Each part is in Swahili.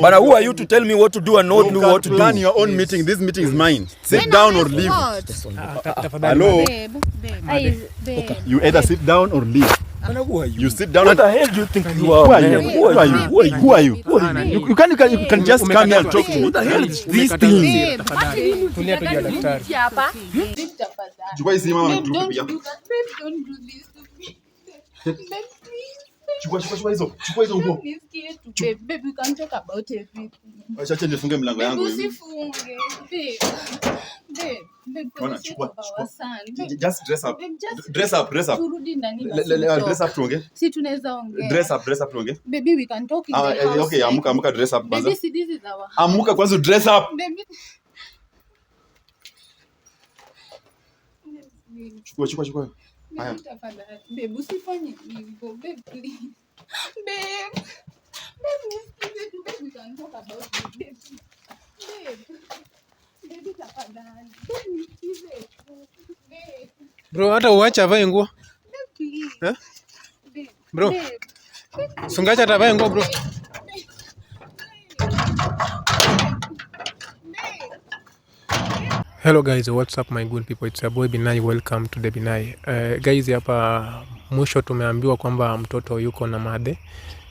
But who are you to tell me what to do and not do what to do? Plan your own meeting. This meeting is mine. Sit down or leave. Ah, ah, ah. Hello. You either sit down or leave. Who are you? You sit down. What the hell do you think you are? Who are you? Who are you? Who are you? Who are you? Who are you? You can you can you can just come here and talk to me. What the hell is this thing? Tulia tu ya hmm? Don't do that. Don't do this to me. Let me Chukua chukua chukua hizo. Chukua hizo nguo. Babe, you can talk about everything. Acha acha nifunge mlango yangu. Usifunge. Babe. Babe, bwana chukua chukua. Just dress up. Dress up, dress up. Turudi ndani. Dress up tuongee. Si tunaweza ongea. Dress up, dress up tuongee. Baby, we can talk in ah, eh, eh, Okay, amuka amuka dress up kwanza. this is our. Amuka kwanza dress up. Chukua chukua chukua. Bro, hata uache avae nguo. Eh? Bro. Sungacha atavae nguo bro. Hello guys, what's up my good people? It's your boy Binai, welcome to the Binai. Uh, guys, hapa mwisho tumeambiwa kwamba mtoto yuko na madhe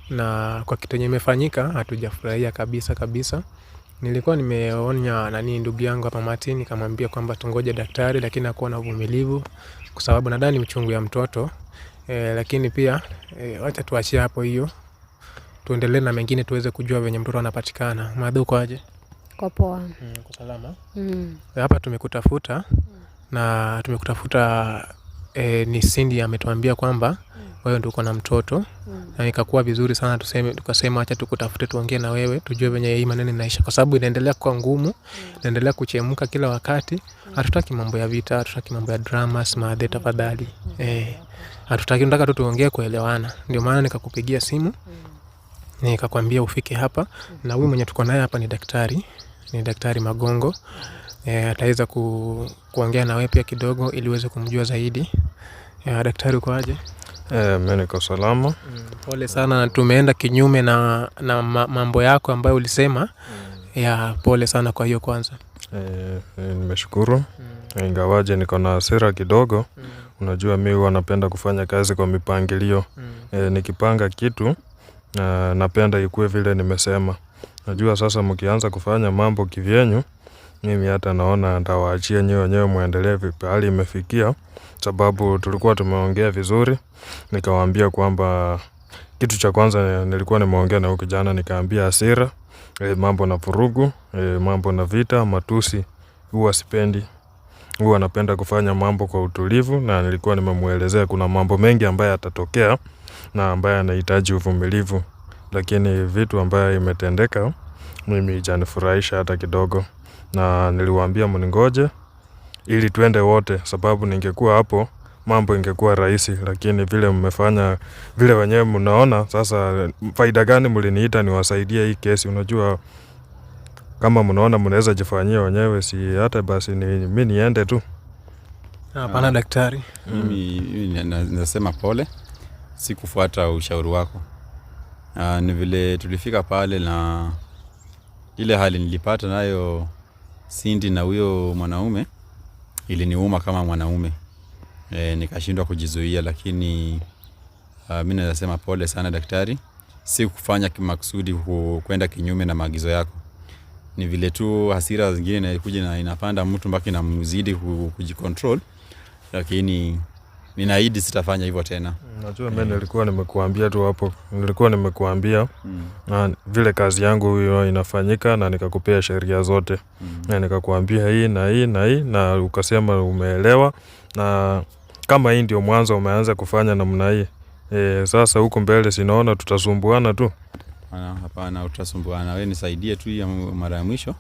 na kwa kitu yenye imefanyika hatujafurahia kabisa kabisa. Nilikuwa nimeonya nani ndugu yangu hapa Martin, nikamwambia kwamba tungoje daktari, lakini hakuwa na uvumilivu kwa sababu nadhani uchungu ya mtoto eh, lakini pia eh, wacha tuachie hapo hiyo, tuendelee na mengine tuweze kujua venye mtoto anapatikana. Madhe, ukoaje? Kwa poa. Mm, salama. Mm. Hapa tumekutafuta na tumekutafuta e, ni Cindy ametuambia kwamba mm. wewe ndio uko na mtoto mm. na ikakuwa vizuri sana tuseme, tukasema acha tukutafute tuongee na wewe tujue venye hii maneno inaisha, kwa sababu inaendelea kuwa ngumu mm. inaendelea kuchemka kila wakati. Mm. Hatutaki mm. mambo ya vita, hatutaki mambo ya drama smadhe, mm. tafadhali mm. eh, hatutaki, nataka tu tuongee kuelewana. Ndio maana nikakupigia simu mm. nikakwambia ufike hapa mm. na huyu mwenye tuko naye hapa ni daktari ni Daktari Magongo. E, ataweza ku, kuongea na wewe pia kidogo ili uweze kumjua zaidi. E, daktari uko aje? E, mimi niko salama. Mm, pole sana tumeenda kinyume na, na mambo yako ambayo ulisema. Mm. Ya, pole sana kwa hiyo kwanza. E, nimeshukuru. Mm. Ingawaje niko na hasira kidogo. Mm. Unajua mi huwa napenda kufanya kazi kwa mipangilio. Mm. E, nikipanga kitu na napenda ikuwe vile nimesema. Najua sasa mkianza kufanya mambo kivyenyu, mimi hata naona ndawaachia nyewe wenyewe muendelee vipi hali imefikia, sababu tulikuwa tumeongea vizuri, nikawaambia kwamba kitu cha kwanza nilikuwa nimeongea na huyu kijana nikaambia hasira, e, mambo na vurugu, e, mambo na vita, matusi, huwa sipendi. Huwa napenda kufanya mambo kwa utulivu na nilikuwa nimemuelezea kuna mambo mengi ambayo yatatokea na ambayo yanahitaji uvumilivu lakini vitu ambayo imetendeka mimi janifurahisha hata kidogo, na niliwaambia mningoje ili twende wote, sababu ningekuwa hapo mambo ingekuwa rahisi, lakini vile mmefanya vile wenyewe mnaona. Sasa faida gani mliniita niwasaidie hii kesi? Unajua, kama mnaona mnaweza jifanyia wenyewe, si hata basi ni, mi niende tu. Hapana ah. daktari, mimi nasema pole, sikufuata ushauri wako Uh, ni vile tulifika pale na ile hali nilipata nayo sindi na huyo mwanaume iliniuma kama mwanaume e, nikashindwa kujizuia, lakini uh, ah, mimi naweza sema pole sana daktari, si kufanya makusudi kwenda kinyume na maagizo yako. Ni vile tu hasira zingine inakuja na inapanda mtu mpaka inamzidi kujicontrol, lakini ninaahidi sitafanya hivyo tena. Najua mimi nilikuwa nimekuambia tu hapo, nilikuwa nimekuambia mm. na vile kazi yangu hiyo inafanyika, na nikakupea sheria zote mm. na nikakuambia hii na hii na hii, na ukasema umeelewa, na kama hii ndio mwanzo umeanza kufanya namna hii e, sasa huko mbele sinaona tutasumbuana tu. Hapana, utasumbuana Wewe nisaidie tu, mara ya mwisho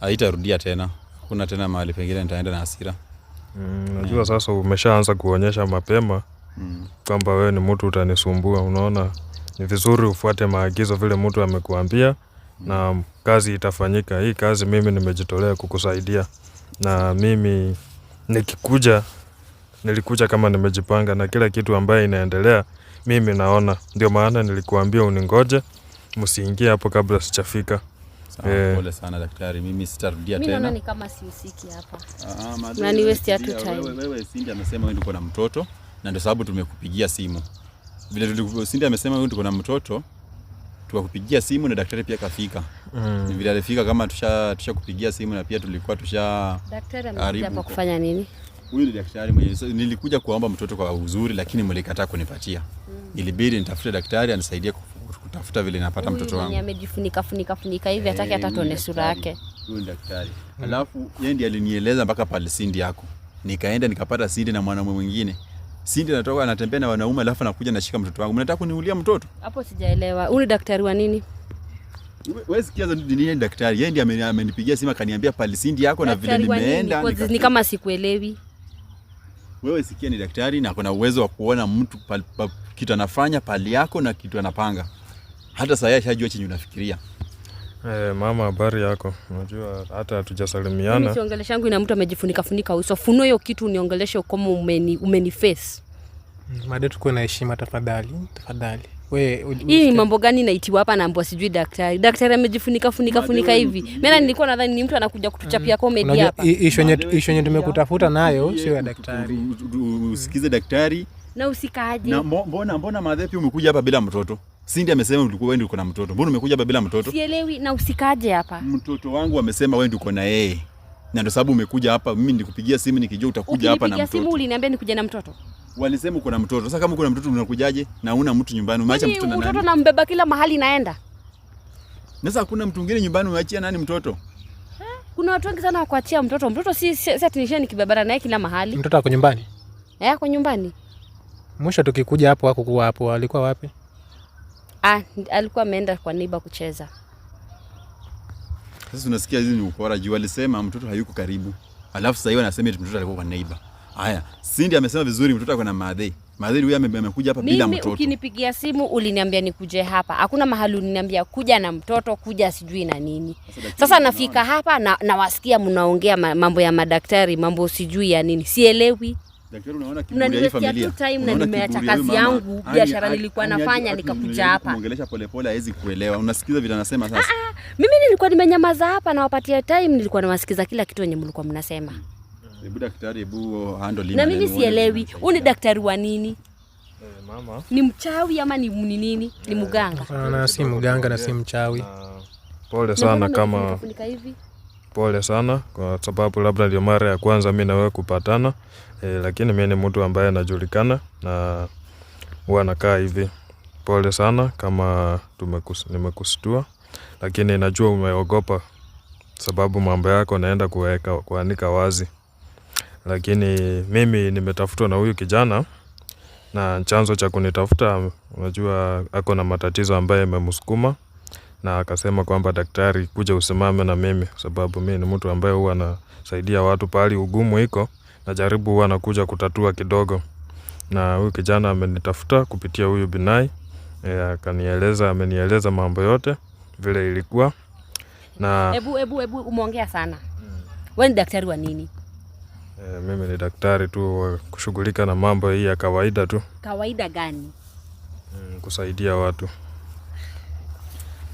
haitarudia tena, hakuna tena mahali pengine nitaenda na hasira. Unajua mm, sasa umeshaanza kuonyesha mapema mm, kwamba wewe ni mtu utanisumbua. Unaona, ni vizuri ufuate maagizo vile mtu amekuambia, mm, na kazi itafanyika. Hii kazi mimi nimejitolea kukusaidia, na mimi nikikuja, nilikuja kama nimejipanga na kila kitu ambaye inaendelea mimi naona. Ndio maana nilikuambia uningoje, msiingie hapo kabla sijafika. Eh. pole sana daktari, mimi sitarudia tena. Mimi naona ni kama sihusiki hapa. Ah, na ni waste ya time. Wewe wewe, Cindy amesema wewe uko na mtoto na ndio sababu tumekupigia simu. Vile Cindy amesema wewe uko na mtoto tukakupigia simu na daktari pia kafika. Mm. Vile alifika kama tusha tushakupigia simu na pia tulikuwa tusha Daktari amekuja hapa kufanya nini? Huyu ni daktari mwenye So, nilikuja kuomba mtoto kwa uzuri lakini mlikataa kunipatia. Mm. Ilibidi nitafute daktari anisaidie kutafuta vile napata mtoto wangu. Amejifunika funika funika hivi hataki hata tuone sura yake. Huyu daktari. Hmm. Alafu yeye ndiye alinieleza mpaka pale Sindi yako. Nikaenda nikapata Sindi na mwanamume mwingine. Sindi anatoka anatembea na wanaume alafu anakuja nashika mtoto wangu. Mnataka kuniulia mtoto? Hapo sijaelewa. Huyu daktari wa nini? Wewe sikia za nini daktari? Yeye ndiye amenipigia simu akaniambia pale Sindi yako na vile nimeenda. Ni kama sikuelewi. Wewe sikia, ni daktari na kuna uwezo wa kuona mtu kitu anafanya pali yako na kitu anapanga hata saa ashajua chenye unafikiria. Hey, eh, mama habari yako? Unajua hata hatujasalimiana. Mimi siongelesha ina mtu amejifunika funika uso. Funua hiyo kitu uniongeleshe kama umeni, umeni face. Mada tukuwe na heshima tafadhali, tafadhali. We, hii mambo gani naitiwa hapa na mbwa sijui daktari. Daktari amejifunika funika funika hivi. Mimi nilikuwa nadhani ni mtu anakuja kutuchapia comedy hapa. Ishu yenye tumekutafuta nayo sio ya daktari. Usikize daktari. Na usikaje. Na mbona mbona madhepi umekuja hapa bila mtoto? Sindi amesema ulikuwa wewe ndio uko na mtoto. Mbona umekuja hapa bila mtoto? Sielewi na usikaje hapa. Mtoto wangu amesema wewe ndio uko na yeye. Na ndio sababu umekuja hapa, mimi nikupigia simu nikijua utakuja hapa na mtoto. Simu uliniambia nikuja na mtoto. Walisema uko na mtoto. Sasa kama uko na mtoto unakujaje na una mtu nyumbani? Umeacha yaani mtoto na nani? Mtoto nambeba kila mahali naenda. Sasa kuna mtu mwingine nyumbani, umeachia nani mtoto? Kuna watu wengi sana wakuachia mtoto. Mtoto si si atinishia nikibabara naye kila mahali. Mtoto ako nyumbani? Eh, ako nyumbani. Mwisho tukikuja hapo, hakukuwa hapo. Alikuwa wapi? Ah, alikuwa ameenda kwa neighbor kucheza. Sasa unasikia hizi ni ukora juu alisema mtoto hayuko karibu. Alafu sasa hivi anasema eti mtoto alikuwa kwa neighbor. Haya, Cindy amesema vizuri mtoto ako na madhe. Madhe huyu amekuja hapa bila mtoto. Mimi ukinipigia simu uliniambia nikuje hapa. Hakuna mahali uliniambia kuja na mtoto, kuja sijui na nini. Sasa nafika hapa na nawasikia mnaongea mambo ya madaktari, mambo sijui ya nini. Sielewi mnaniwestia tu time na nimeacha kazi yangu, biashara yaani, nilikuwa nafanya nikakuja hapa. polepole kuelewa. Unasikiza vile anasema sasa? Ah, ah, mimi nilikuwa nimenyamaza hapa na wapatia time, nilikuwa nawasikiza kila kitu wenye mlikuwa mnasema. Hmm. Hebu daktari, hebu handle. Na mimi sielewi, huu ni daktari wa nini? Eh, mama. Ni mchawi ama ni mni nini? Ni eh, mganga? si mganga na si mchawi. Pole sana kama pole sana kwa sababu labda ndio mara ya kwanza mimi na wewe kupatana e, lakini mimi ni mtu ambaye anajulikana na huwa nakaa hivi. Pole sana kama tumekus, nimekustua, lakini najua umeogopa sababu mambo yako naenda kuweka kuanika wazi, lakini mimi nimetafutwa na huyu kijana na chanzo cha kunitafuta, unajua ako na matatizo ambayo yamemsukuma na akasema kwamba daktari, kuja usimame na mimi, sababu mimi ni mtu ambaye huwa anasaidia watu pahali ugumu iko najaribu huwa nakuja kutatua kidogo, na huyu kijana amenitafuta kupitia huyu Binai e, akanieleza, amenieleza mambo yote vile ilikuwa na ebu, ebu, ebu, umeongea sana hmm. Wewe ni daktari wa nini? E, mimi ni daktari tu wa kushughulika na mambo hii ya kawaida tu. Kawaida gani? Hmm, kusaidia watu.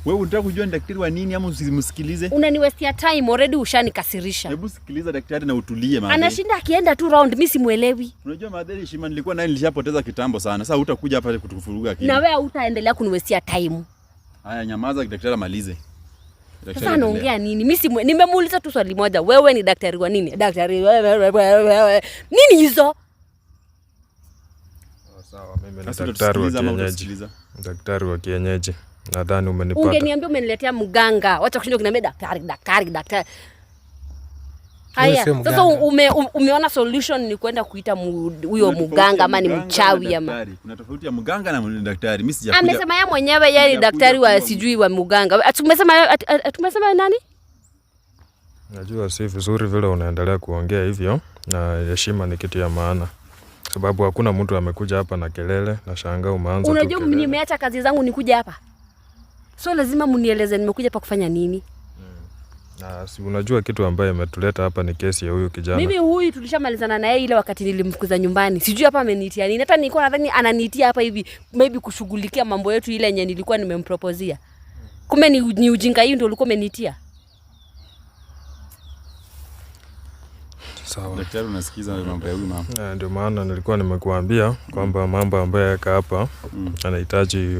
Wewe unataka kujua ni daktari wa nini ama usimsikilize? Unaniwestia time already, ushanikasirisha. Hebu sikiliza daktari na utulie mama. Anashinda akienda tu round, mimi simuelewi. Unajua madhari shima nilikuwa naye nilishapoteza kitambo sana. Sasa hutakuja hapa kutufuruga akili. Na wewe hutaendelea kuniwestia time. Haya, nyamaza daktari amalize. Sasa anaongea nini? Mimi simu nimemuuliza tu swali moja. Wewe ni daktari wa nini? Daktari wewe nini hizo? Sawa, mimi ni daktari wa kienyeji. Daktari wa kienyeji. Nadhani umenipata. Ungeniambia umeniletea mganga, wacha kushinda meda. daktari, daktari, daktari. Haya, sasa ume, um, umeona solution ni kwenda kuita huyo mganga ama ni mchawi ama? Kuna tofauti ya mganga na daktari. Mimi sijakuja. Amesema yeye mwenyewe yeye ni daktari wa sijui wa mganga. Tumesema tumesema nani? Najua si vizuri vile unaendelea kuongea hivyo, na heshima ni kitu ya maana sababu hakuna mtu amekuja hapa na kelele na shangaa umeanza. Unajua nimeacha kazi zangu nikuja hapa so lazima mnieleze nimekuja pa kufanya nini. si unajua kitu ambaye ametuleta hapa ni kesi ya huyu kijana. Mimi huyu tulishamalizana naye ile wakati nilimfukuza nyumbani. Sijui hapa ameniitia nini. Hata nilikuwa nadhani ananiitia hapa hivi maybe kushughulikia mambo yetu ile yenye nilikuwa nimempropozia. Kumbe ni, ni ujinga hii ndio ulikuwa umeniitia. Sawa. Daktari, unasikiza mambo ya huyu mama. Eh, ndio maana nilikuwa nimekuambia kwamba mambo ambaye yaka hapa mm, anahitaji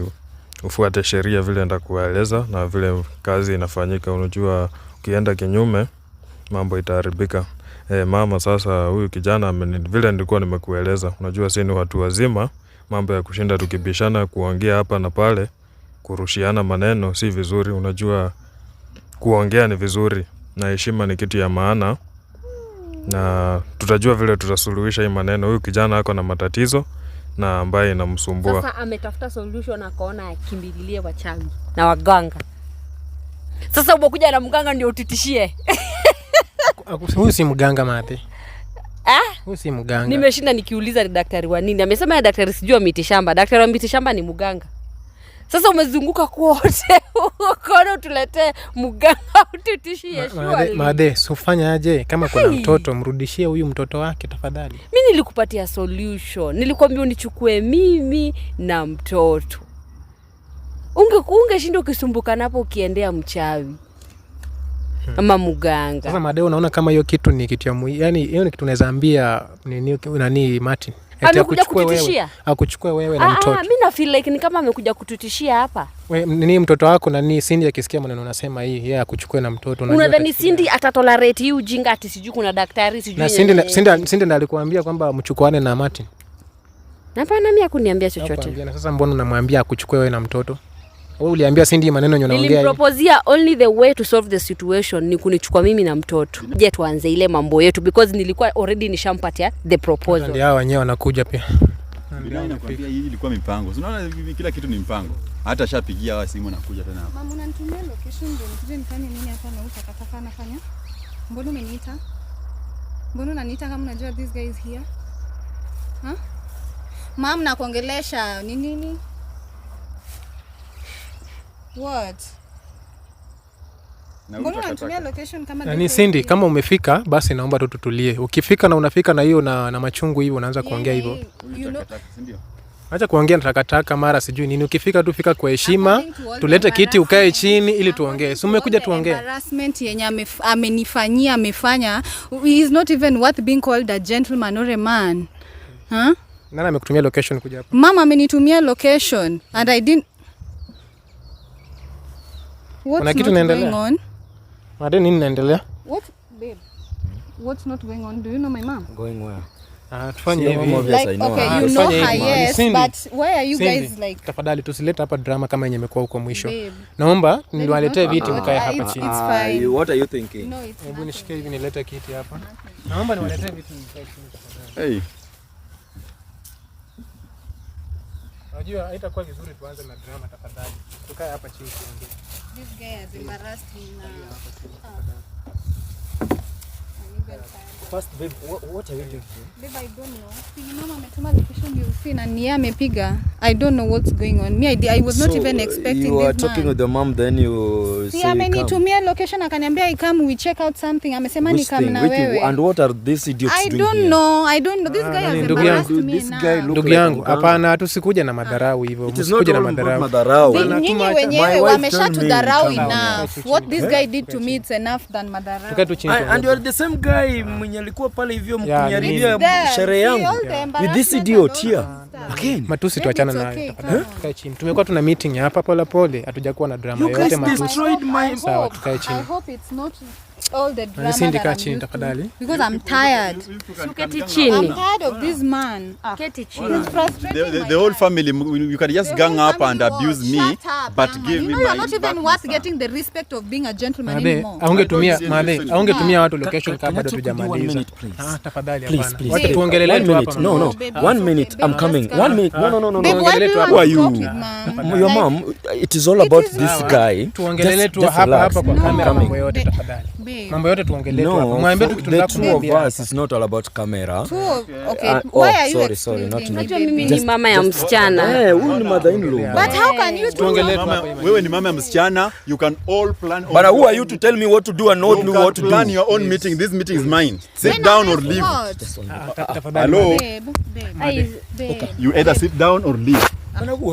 ufuate sheria vile nitakueleza na vile kazi inafanyika. Unajua ukienda kinyume mambo itaharibika. E, mama sasa huyu kijana vile nilikuwa nimekueleza. Unajua si ni watu wazima, mambo ya kushinda tukibishana kuongea hapa na pale, kurushiana maneno si vizuri. Unajua kuongea ni vizuri na heshima ni kitu ya maana, na tutajua vile tutasuluhisha hii maneno. Huyu kijana ako na matatizo na ambaye inamsumbua. Sasa ametafuta solution akaona akimbililie wachawi na waganga. Sasa umekuja na mganga ndio utitishie? Huyu si mganga mate. Huyu si mganga. Nimeshinda nikiuliza ni daktari wa nini? Amesema daktari sijua miti shamba Daktari wa mitishamba ni mganga. Sasa umezunguka kuote ukono, tuletee mganga ututishie shwari. sufanya aje? Kama kuna mtoto mrudishie huyu mtoto wake tafadhali. Mi nilikupatia solution, nilikwambia unichukue mimi na mtoto. Ungeshinda unge ukisumbuka napo ukiendea mchawi hmm. Ama mganga. Sasa unaona kama hiyo kitu ni kitu ya yani, hiyo ni kitu unaweza ambia nini nani Martin? amekuja kututishia, akuchukue wewe na ah, ah, mtoto. Mimi na feel like ni kama amekuja kututishia hapa. Wewe ni mtoto wako na ni Cindy akisikia maneno unasema hii, yeye akuchukue na mtoto. Unadhani Cindy atatolerate hii ujinga ati sijui kuna daktari sijui? Na Cindy Cindy Cindy ndiye alikuambia kwamba mchukuane na Martin. Hapana, mimi hakuniambia chochote. Sasa mbona unamwambia akuchukue wewe na mtoto? Wewe uliambia sindi maneno yenye unaongea. only the way to solve the situation ni kunichukua mimi na mtoto. Je, tuanze ile mambo yetu because nilikuwa already nishampatia the proposal. Ndio wenyewe wanakuja pia. Ndio ilikuwa mipango. Unaona kila kitu ni mpango. Hata shapigia hawa simu nakuja tena hapa. Mama unanitumia location ndio nikuje nifanye nini hapa na nafanya? Mbona umeniita? Mbona unaniita kama unajua this guy is here? Ha? Mama nakuongelesha nini nini? What? Yaani Cindy, kama umefika basi naomba tu tutulie. Ukifika na unafika na hiyo na, na machungu hivyo unaanza kuongea yaani, hivyo. Acha kuongea na takataka mara sijui nini. Ukifika tu fika kwa heshima, tulete kiti ukae chini ili tuongee. Si umekuja tuongee. Harassment yenye amenifanyia amefanya he is not even worth being called a gentleman or a man. Huh? Nani amekutumia location kuja hapa? Mama amenitumia location and I didn't kuna kitu naendelea. nini naendelea? What babe? What's not going on? Do you know my mom? Going where? Ah, tafadhali tusilete hapa drama kama yenye imekuwa huko mwisho. Naomba niwaletee viti mkae hapa chini. Hebu nishike hivi nilete kiti hapa. Naomba niwaletee viti mkae chini. Unajua haitakuwa vizuri tuanze na drama tafadhali. Tukae hapa chini tuongee. This guy has embarrassed me now. First babe, what are you doing Babe, I don't know. mama ametuma location amepiga. I don't know what's going on. Me I, I was not so even expecting you are talking with the mom then you say si, location akaniambia I come we check out something. Amesema ni come na wewe. And what are these idiots I don't know. I don't know. This ah, guy has embarrassed me. This guy look Ndugu yangu, hapana tusikuja na madharau hivyo. na madharau. Nyinyi wenyewe enough. What this guy did to me it's enough than madharau. And you are the same guy guy mwenye alikuwa pale hivyo mkunyaribia sherehe yangu with this idiot here again. Matusi, tuachana nayo tukae chini. Tumekuwa tuna meeting hapa pole pole, hatujakuwa na drama yote. Matusi, sawa, tukae chini. I hope it's not all the drama that I'm used to. Because I'm tired. chini. I'm tired of this man. Ah. the, whole family, you can just gang up and abuse me, but give me my... You you're not even worth getting the respect of being a gentleman anymore. Aungetumia, male, aungetumia watu location kabla hatujamaliza. Ah, tafadhali hapana. please. tuongelee tu hapa. No, no. Ah, one minute, I'm coming. One minute. No, no, no, no. Who are you? Your mom, it is all about this guy. Tuongelee tu hapa hapa kwa kamera mambo yote tafadhali mambo yote tuongelee tu kitu Two of us is not all about camera. Uh, oh, mimi ni mama ya msichana. Eh, huyu ni mother in law. But how can you tuongelee Wewe ni mama ya msichana. You can all plan But who are you to tell me what to do and not do what to do? Plan your own meeting. This meeting is mine. Sit down or leave. Ah, Hello. You either sit down or leave.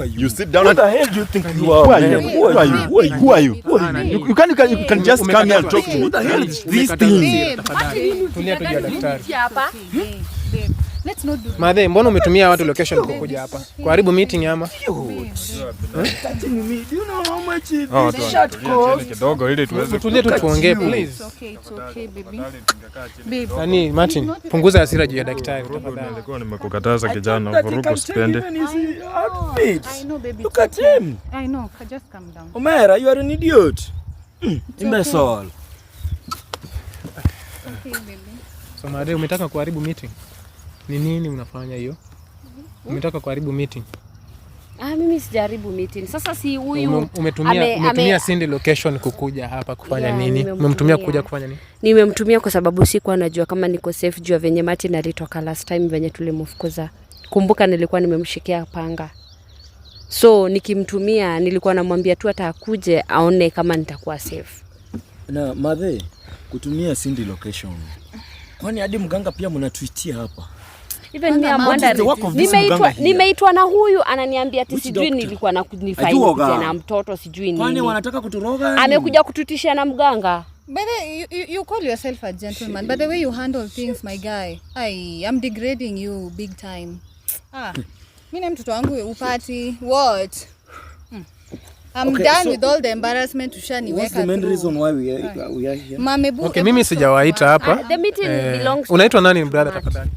You sit down. What the hell do you think you are? Who are you? Who are you? Who are you? Who are you? Who are You You can't. you can, you can just come here and talk to me. What the hell is this thing? Madhe, mbona umetumia watu location kukuja hapa kuharibu meeting ama? Oh, Tulie tu tuongee please. Nani Martin, punguza hasira juu ya daktari tafadhali. Nilikuwa nimekukataza kijana, vurugu usipende. Look at him. I know, just calm down. Omera, you are an idiot. Mm, imbecile. So Madhe, umetaka kuharibu meeting? Ni nini unafanya hiyo? Mhm. Umetoka kuharibu meeting? Ah, mimi sijaribu meeting. Sasa si huyu umetumia ame, umetumia ame... Cindy location kukuja hapa kufanya yeah, nini? Umemtumia kuja kufanya nini? Nimemtumia kwa sababu sikuwa najua kama niko safe jua venye Martin alitoka last time venye tulimfukuza. Kumbuka nilikuwa nimemshikia panga. So nikimtumia nilikuwa namwambia tu hata akuje aone kama nitakuwa safe. Na madhe kutumia Cindy location. Kwani hadi mganga pia mnatuitia hapa? even me am nimeitwa nimeitwa na huyu ananiambia ati sijui nilikuwa na kunifanya na mtoto sijui nini, kwani wanataka kutoroga Amekuja kututishia na mganga. By the you, you call yourself a gentleman, by the way you handle things, my guy, I am degrading you big time. Ah, mimi na mtoto wangu upati what? Hmm. I'm okay, done so with all the embarrassment ushaniweka through. Mame bu. Okay, mimi sijawaita ah, hapa. Eh, unaitwa nani brother tafadhali?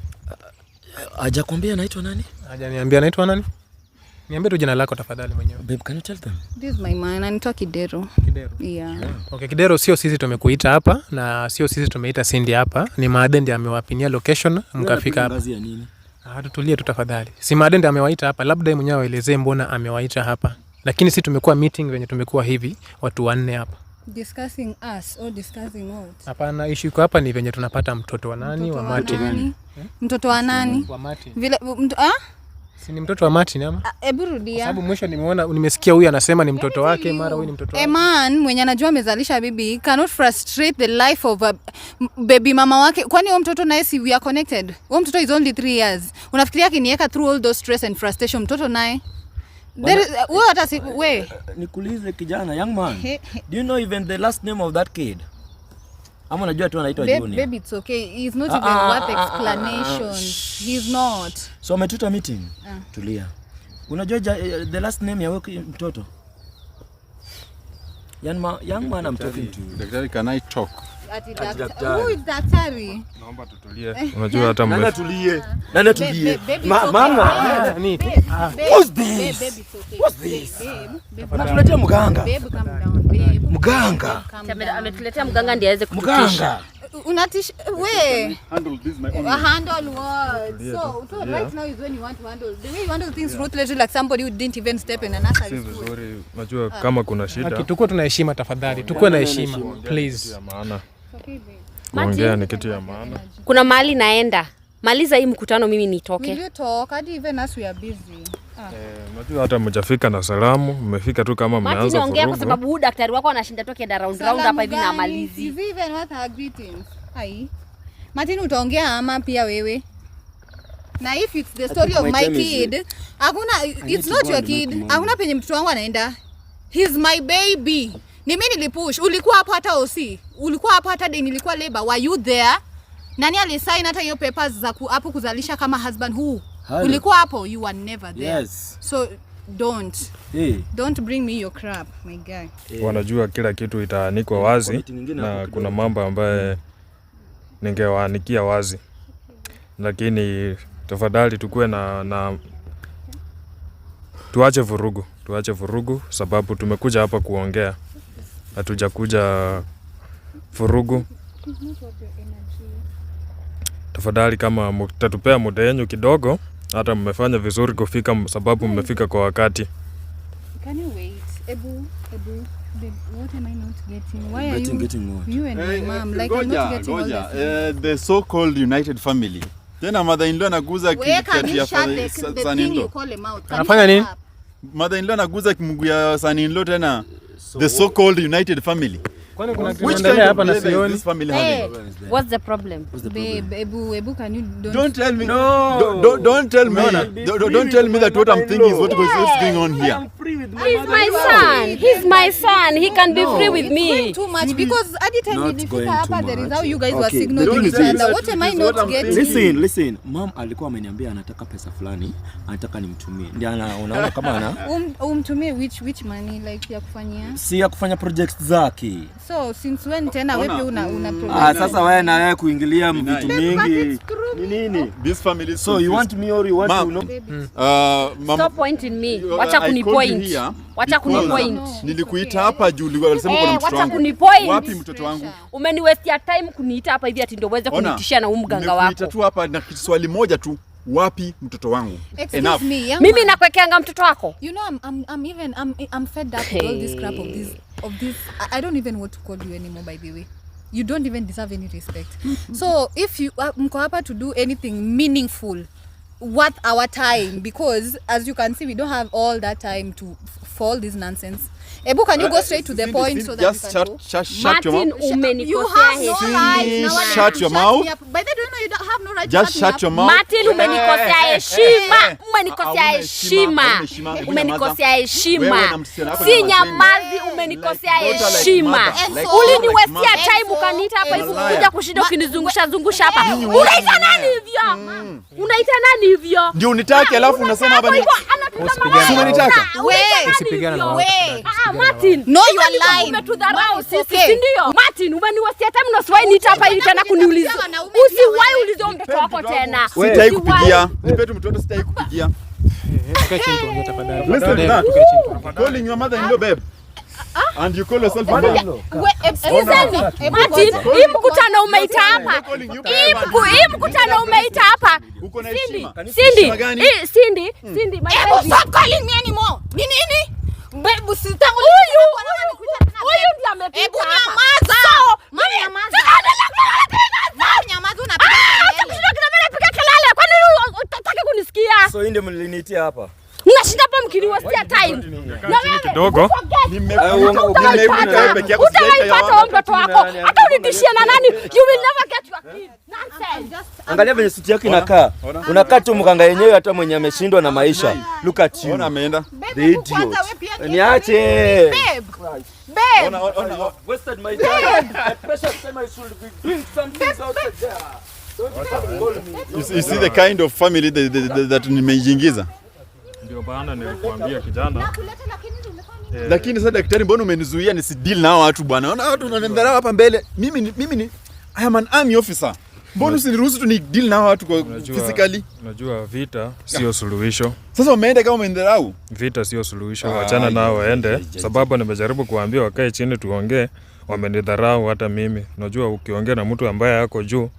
Hajakwambia anaitwa nani? Hajaniambia anaitwa nani? Niambie tu jina lako tafadhali mwenyewe. Babe, can you tell them? This is my man, anaitwa Kidero. Kidero. Yeah. Okay, Kidero sio sisi tumekuita hapa na sio sisi tumeita Cindy hapa. Ni Maaden ndiye amewapinia location mkafika hapa. Ngazi ya nini? Ah, tutulie tu tafadhali. Si Maaden ndiye amewaita hapa, labda mwenyewe aelezee mbona amewaita hapa. Lakini sisi tumekuwa meeting venye tumekuwa hivi watu wanne hapa discussing us or discussing what? Hapana, issue iko hapa ni venye tunapata mtoto wa nani wa Martin. Eh? Mtoto wa nani? Wa Martin. Vile ah? Si ni mtoto wa Martin ama? Ah, hebu rudia. Kwa sababu mwisho nimeona nimesikia huyu anasema ni mtoto wake mara huyu ni mtoto wake. A man mwenye anajua amezalisha bibi cannot frustrate the life of a baby mama wake. Kwani huyo mtoto naye si we are connected? Huyo mtoto is only 3 years. Unafikiria kiniweka through all those stress and frustration mtoto naye? Eh, eh, nikulize kijana, young man, do you know even the last name of that kid? Ama unajua tu anaitwa Junior. Baby, it's okay. He's not ah, even ah, worth ah, ah, explanation. He's not. So umetuta meeting. Ah. Tulia. Unajua eh, the last name ya wewe mtoto? Young man, young man I'm talking to. Daktari, can I talk? ati daktari. Naomba tutulie. Eh. Unajua hata Nani Nani Mama, nani? What's this? What's this? mganga. Mganga. Ametuletea mganga ndiye aweze handle this my own handle so so right now is when you want to handle the way you handle things ruthlessly like somebody who didn't even step in another school. Vizuri, kama kuna shida. tunaheshima tafadhali, Tukuwe na heshima please. Maana Kuongea ni kitu ya maana. Kuna mahali naenda, maliza hii mkutano, mimi nitoke. Ah. Eh, unajua hata mjafika na salamu, mmefika tu kama mmeanza kuongea, kwa sababu huu daktari wako anashinda tu akienda round round hapa hivi na amalizi. Martin, utaongea ama pia wewe? Na if it's the story of my kid, hakuna it's not your kid. Hakuna penye mtoto wangu anaenda. He's my baby. Ni mimi nilipush. Ulikuwa hapo hata OC. Ulikuwa hapo hata deni ilikuwa labor. Were you there? Nani alisign hata hiyo papers za hapo kuzalisha kama husband who? Ulikuwa hapo, you were never there. Yes. So don't. Hey. Eh. Don't bring me your crap, my guy. Hey. Eh. Wanajua kila kitu itaanikwa wazi na kuna mambo ambayo mm. ningewaanikia wazi lakini tafadhali tukue na, na tuache vurugu, tuache vurugu sababu tumekuja hapa kuongea hatujakuja furugu. Tafadhali, kama mtatupea muda yenyu kidogo, hata mmefanya vizuri kufika, sababu mmefika kwa wakati. tena mother in law anaguza son in law, anafanya nini? Mother in law anaguza kimguu ya son in law tena so, the so-called united family Which kind of is this family eh, having? What's the problem? don't, tell me. No. Don't, tell me. Don't tell me that what I'm thinking is what going on here. He's my son. He's my son. He can be free with me. too much because there is how you guys were signaling each other. What am I not getting? Listen, listen. Mom alikuwa ameniambia anataka pesa fulani, anataka nimtumie. Ndio um, which which money like ya kufanyia? Si ya kufanya projects zake. So since when tena wewe una una ah, problem? Ah, sasa wewe na wewe kuingilia vitu mingi. Ni nini? This family So you want me or you want to know? Hmm. Uh, uh Stop pointing me. Uh, wacha kunipoint. Wacha kunipoint. Nilikuita hapa juu ulisema kuna eh, mtoto wangu. Wapi mtoto wangu? Umeni waste ya time kuniita hapa hivi ati ndio uweze kunitishia na huyu mganga wako. Nilikuita tu hapa na swali moja tu. Wapi mtoto wangu? Enough. Mimi nakwekeanga mtoto wako. You know I'm I'm, I'm even I'm I'm fed up with all this crap of this of this I, I don't even want to call you anymore by the way you don't even deserve any respect mm-hmm. so if you uh, mko hapa to do anything meaningful worth our time because as you can see we don't have all that time to for all this nonsense Ebu can you go straight to the point so that just can shut, go? Shut, shut your mouth. You have no right. shut your mouth. By the way, you don't have no right. Just shut your mouth. Martin, umenikosea eh, eh, eh, heshima. Umenikosea ah, heshima. Umenikosea heshima. Si nyamazi, umenikosea heshima. Uliniwestia time ukaniita hapa hivi kuja kushinda ukinizungusha zungusha hapa. Unaita nani hivyo? Mm. Unaita nani hivyo? Ndio unitaki ah, alafu unasema hapa ni Martin, umeniwasia time na ah, swali nita hapa ili tena kuniuliza. Usiwahi ulizo mtoto wako tena. Sitaki kupigia. Nipe tu mtu wote sitaki kupigia. Tukae chini tuongee tafadhali. Listen, tukae chini. Calling your mother in law babe. Ah? And you call yourself a man? Martin, hii mkutano umeita hapa. Hii mkutano umeita hapa. Sindi. Sindi. Sindi. Sindi. Ebu, Stop calling me anymore. Ni nini? Baby, sitangu. Huyu, huyu ndiye amepita. Ebu, nyamaza. Nyamaza. Unataka ah, kunisikia? So hii ndio hapa. Mnashinda hapa sia time. Na wewe utawaipata mtoto wako, hata unitishie na nani, you will never get your kid. Nonsense. Angalia venye suti yako inakaa, unakaa tu mganga yenyewe, hata mwenye ameshindwa na maisha. Look at you. Ameenda. Niache. You see the kind of family that nimeingiza. Ndio nilikwambia kijana. Eh. Lakini sasa daktari, mbona umenizuia nisi deal na watu bwana? Naona watu wananidharau hapa mbele. Mimi mimi ni I am an army officer. Mbona usiniruhusu tu ni deal na watu kwa physically? Unajua vita sio suluhisho. Sasa umeenda kama umenidharau. Vita sio suluhisho. Ah, wachana nao waende, sababu nimejaribu kuambia wakae chini tuongee, wamenidharau hata mimi. Unajua ukiongea na mtu ambaye yako juu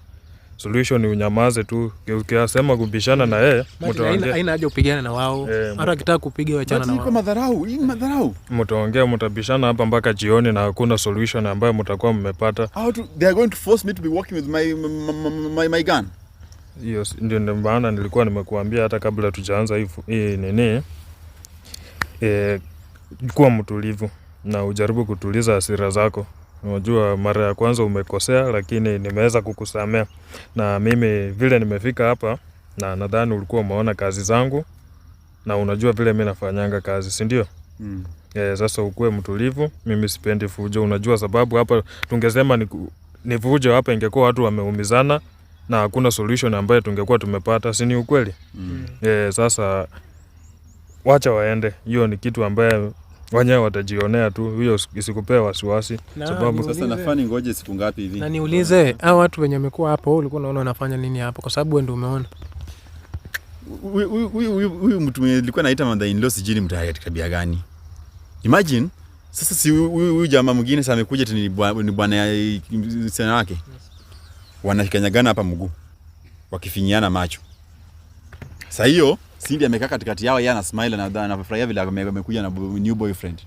solution ni unyamaze tu, ukiasema kubishana na yeye mtaongea, haina haja upigane na wao eh, hata akitaka kupiga wachana na wao. Madharau hii madharau, mtaongea mtabishana hapa mpaka jioni, na hakuna solution ambayo mtakuwa mmepata. How to, they are going to force me to be working with my my, my gun. Hiyo ndio maana nilikuwa nimekuambia hata kabla tujaanza hii nini Eh, kuwa mtulivu na ujaribu kutuliza hasira zako. Unajua mara ya kwanza umekosea, lakini nimeweza kukusamea, na mimi vile nimefika hapa, na nadhani ulikuwa umeona kazi zangu na unajua vile mimi nafanyanga kazi, si ndio? Mm. E, sasa ukuwe mtulivu, mimi sipendi fujo, unajua sababu hapa tungesema ni, ni fujo hapa, ingekuwa watu wameumizana na hakuna solution ambayo tungekuwa tumepata, si ni ukweli? Mm. E, sasa wacha waende, hiyo ni kitu ambayo wenyewe watajionea tu, hiyo isikupea wasiwasi na, sababu sasa nafani ngoje siku ngapi hivi na niulize hao watu wenye wamekuwa hapo, ulikuwa unaona wanafanya nini hapo? Kwa sababu wewe ndio umeona huyu mtu mwenye alikuwa naita mother in law, sijui mtaya tabia gani? Imagine sasa, si huyu jamaa mwingine sasa amekuja tena, ni bwana ya sana yake, wanashikanyagana hapa mguu, wakifinyiana macho. Sasa hiyo Cindy amekaa katikati yao, yeye anasmile na anafurahia vile amekuja na new boyfriend.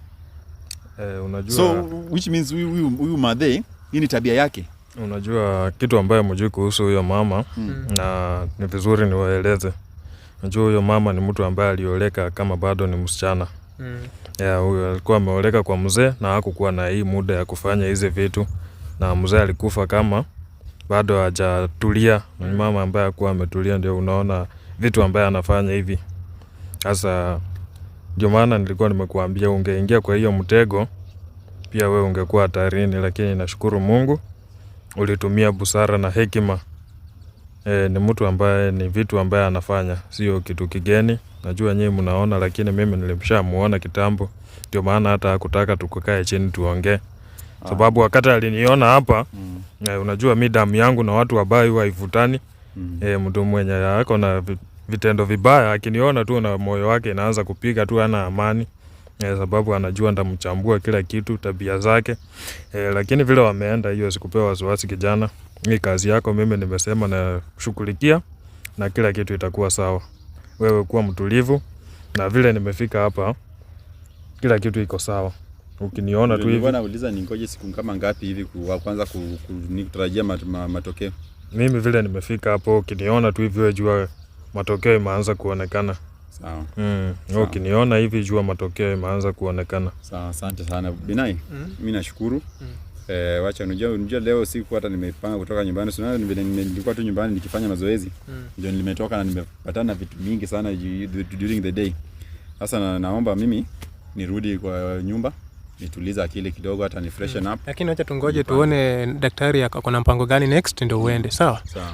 Eh, unajua. So which means huyu huyu madhe hii ni tabia yake. Unajua kitu ambayo mjui kuhusu huyo mama mm. na ni vizuri niwaeleze. Unajua huyo mama ni mtu ambaye alioleka kama bado ni msichana mm. ya yeah, huyo alikuwa ameoleka kwa mzee na hakukuwa na hii muda ya kufanya hizi vitu, na mzee alikufa kama bado hajatulia. mm. Ni mama ambaye akuwa ametulia, ndio unaona vitu ambaye anafanya hivi. Sasa ndio maana nilikuwa nimekuambia ungeingia kwa hiyo mtego, pia we ungekuwa hatarini, lakini nashukuru Mungu ulitumia busara na hekima. E, ni mtu ambaye ni vitu ambaye anafanya sio kitu kigeni. Najua nyinyi mnaona, lakini mimi nilimshamuona kitambo, ndio maana hata hakutaka tukukae chini tuongee ah. sababu wakati aliniona hapa mm. E, unajua mi damu yangu na watu wabaya huwa haivutani mm. E, mtu mwenye ako na vitendo vibaya akiniona tu na moyo wake inaanza kupiga tu, ana amani e, sababu anajua ndamchambua kila kitu, tabia zake e, lakini vile wameenda hiyo, sikupewa wasiwasi kijana, hii kazi yako mimi nimesema na nashughulikia na kila kitu itakuwa sawa. Wewe kuwa mtulivu, na vile nimefika hapa, kila kitu iko sawa. Ukiniona tu hivi, nauliza ningoje siku kama ngapi hivi kwa kwanza kutarajia matokeo? Mimi vile nimefika hapo, ukiniona tu hivyo jua matokeo imeanza kuonekana. Sawa. Mm. Ukiniona hivi jua matokeo imeanza kuonekana. Sawa, asante sana Binai. Mm. Mimi nashukuru. Mm. Eh, wacha unajua, unajua leo siku hata nimeipanga kutoka nyumbani, sio? Nilikuwa tu nyumbani nikifanya mazoezi. Mm. Ndio nimetoka na nimepatana vitu mingi sana during the day. Sasa na, naomba mimi nirudi kwa nyumba nituliza akili kidogo, hata ni freshen mm. up. Lakini acha tungoje tuone daktari ako na mpango gani next, ndio uende. Sawa, sawa.